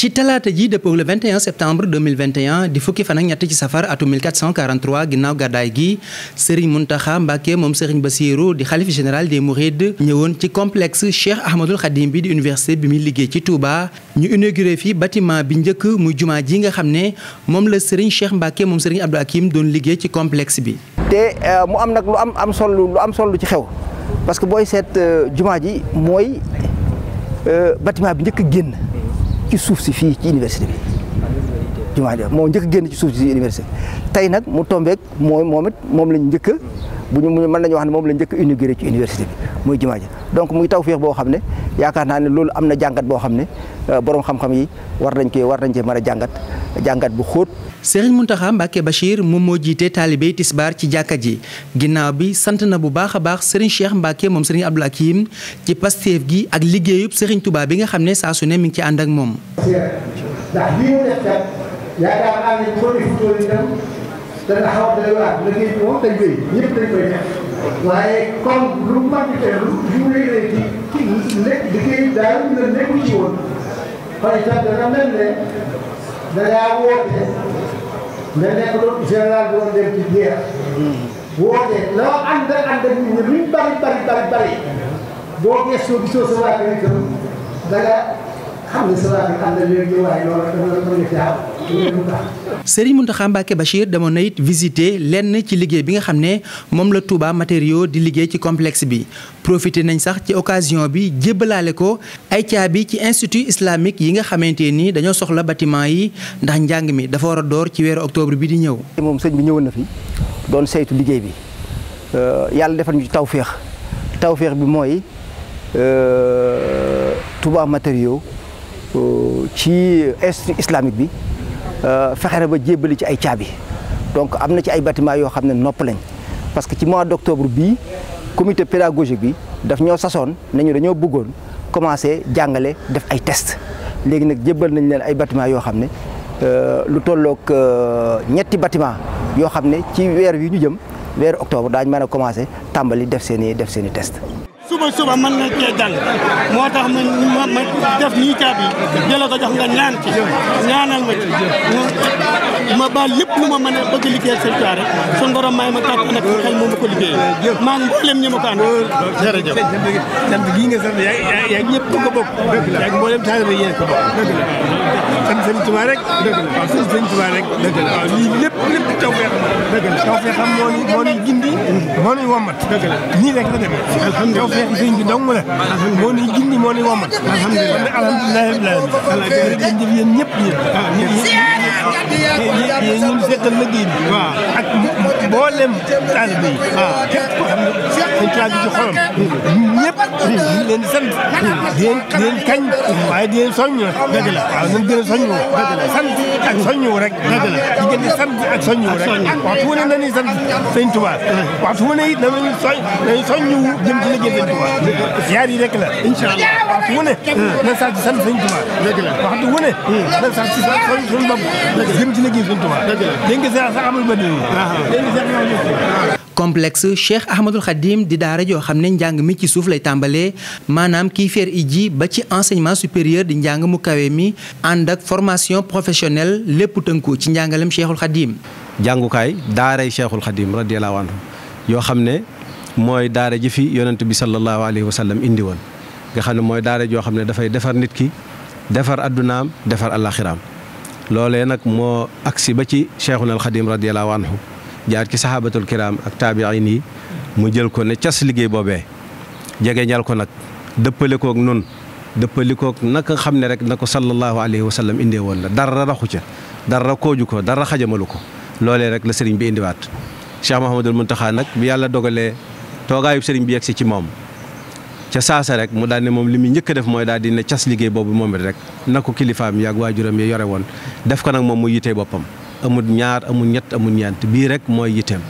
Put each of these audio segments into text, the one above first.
ci talaata ji dëppoo le 21 septembre 2021 di fukki fan ak ñett ci safar atu 1443 ginnaaw gàddaay gi Serigne Mountakha Mbacké moom ba Bassirou di xalif général des Mourides ñëwoon ci complexe Cheikh Ahmadoul Khadim bi di université bi muy liggéey ci Touba. ñu inauguré fi bâtiment bi njëkk muy jumaa ji nga xam ne moom la Serigne Cheikh Mbacké moom Serigne Abdou Hakim doon liggéey ci complexe bi. te euh, mu am nag lu am am solo lu am solo ci xew parce que booy seet euh, jumaa ji mooy euh, bâtiment bi njëkk génn. ci suuf si fii ci université bi jumaa ji moo njëkk génn ci suuf si université tey nag mu tombeek moo moom it moom lañ njëkk bu ñu mën nañu wax ne moom la njëkk inauguré ci université bi muy jumaa ji donc muy tawféex boo xam ne yaakaar naa ne loolu am na jàngat boo xam ne euh, borom xam-xam yi war nañ koy war nañ cee mën a jàngat jàngat bu xóot. Serigne muntaxa Mbacké Bachir moom moo jiite taalibe tisbaar ci jàkka ji ginnaaw bi sant na bu baax a baax Serigne Cheikh Mbacké moom Serigne Abdou Hakim ci pasteef gi ak liggéeyub Serigne Touba bi nga xam ne saasu ne mi ngi ci ànd ak moom. dangaa woote nga nekk doon général bi doon dem ci guerre. woote loo ànd ànd ak nit ñi luñ bari bari bari bari boo gëstoo xam ne sawaay bi am na léegi demoon na it visiter lenn ci liggéey bi nga xam ne moom la tubaa matériaux di liggéey ci complexe bi profité nañ sax ci occasion bi jébbalaale ko ay caabi ci institut islamique yi nga xamante nii dañoo soxla bâtiment yi ndax njàng mi dafa war a door ci weeru octobre bi di ñëw. moom sëñ bi ñëwoon na fi doon seytu liggéey bi euh, yàlla defal ñu ci tawféex tawféex bi mooy euh, Touba matériaux ci institut islamique bi euh, fexe na ba jébbali ci ay caabi donc am na ci ay bâtiment yoo xam ne nopp lañ parce que ci mois d' octobre bii comité pédagogique bi daf ñoo sasoon nañu dañoo buggoon commencé jàngale def ay test léegi nag jébbal nañ leen ay bâtiment yoo xam ne euh, lu tollook euh, ñetti batiment yoo xam ne ci weer wi ñu jëm weer octobre daañ mën a commencé tàmbali def seen i def seen i test suba suba mën nga cee jàng moo tax ma ma ma def nii caabi jëla ko jox nga ñaan ci ñaanal ma ci ma ba lépp lu ma mën a bëgg liggéey seen toit rek sa ngorom may ma kàttan ak xel moom ma ko liggéey maa ngi mboolem ñi ma ko ànd jërëjëf sant gii nga sant yaa ngi ñëpp ko ko bokk yaa ngi mboolem taalibe yéen ko bokk dëgg la sant sëñ Tuubaa rek dëgg la waaw sant nii rek la demee feex sëñ bi dong la moo ni gindi moo ni womat alhamdulilah alhamdulilah jërëjëf yéen ñëpp yéen yéen ñun seqal liggéey bi ak mboolem taalibe yi waaw ah, képp koo xam ne dañ caa ji ci xolam ñëpp leen di sant di leen di leen kañ waaye di leen a soññu dëgg la sant ak soññu rek dëgg di gën di sant ak soññu rek waxtu wu ne nañuy sant sëñ Tuubaa waxtu wu ne it nañu soñ nañu jëm ci liggéey sëñ Tuubaa ziar yi rek la incha allah waxtu wu ne nañ sant sant sëñ Tuubaa dëgg la waxtu wu ne hmm. nañ sant si soñ suñu bopp jëm ci liggéey sëñ Tuubaa dëgg sa amul ba dégg complexe Cheikh Ahmadul Khadim di daara joo xam ne njàng mi ci suuf lay tàmbalee maanaam kii feer iji ba ci enseignement supérieur di njàng mu kawe mi ànd ak formation professionnel lépp tënku ci njàngalem Cheikhul Khadim. jàngukaay daaray Cheikhul Khadim radiyallahu anhu yoo xam ne mooy daara ji fi yonent bi sallallahu alayhi wa sallam indi woon nga xam ne mooy daara joo xam ne dafay defar nit ki defar addunaam defar alaxiraam loolee nag moo agsi ba ci Cheikhul Khadim radiyallahu jaar ci saxaabatul kiraam ak taabiin yi mu jël ko ne cas liggéey boobee jege ñal ko nag dëppale kook nun dëppali kook naka xam ne rek na ko sallallahu alayhi wa sallam indee woon la dara raxu ca dara kooju ko dara xajamalu ko loolee rek la sëriñ bi indiwaat. Cheikh Mouhamadul Mountakha nag bi yàlla dogalee toogaayub sëriñ bi yegsi ci moom ca saasa rek mu daan ne moom li muy njëkk def mooy daal di ne cas liggéey boobu moom it rek na ko kilifaam yaag waajuram yi yore woon def ko nag moom mu yitee boppam. amul ñaar amul ñett amul ñeent bii rek mooy yitteem.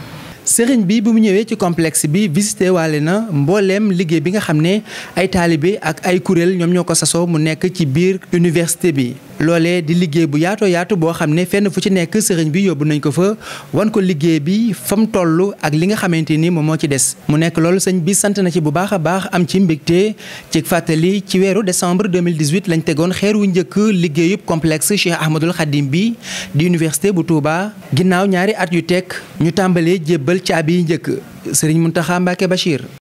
sëriñ bi bu mu ñëwee ci complexe bi visité waale na mbooleem liggéey bi nga xam ne ay taalibe ak ay kuréel ñoom ñoo ko sasoo mu nekk ci biir université bi. loolee di liggéey bu yaatoo yaatu boo xam ne fenn fu ci nekk sëriñ bi yóbbu nañ ko fa wan ko liggéey bi fa mu toll ak li nga xamante ni moom moo ci des. mu nekk loolu sëñ bi sant na ci bu baax a baax am ci mbégte ci fàttali ci weeru décembre 2018 lañ tegoon xeer wu njëkk liggéeyub complexe Cheikh Ahmadul Khadim bi di université bu Touba ginnaaw ñaari at yu teg ñu tàmbalee jébbal caabi yi njëkk sëriñ Mountakha Mbacké Bachir.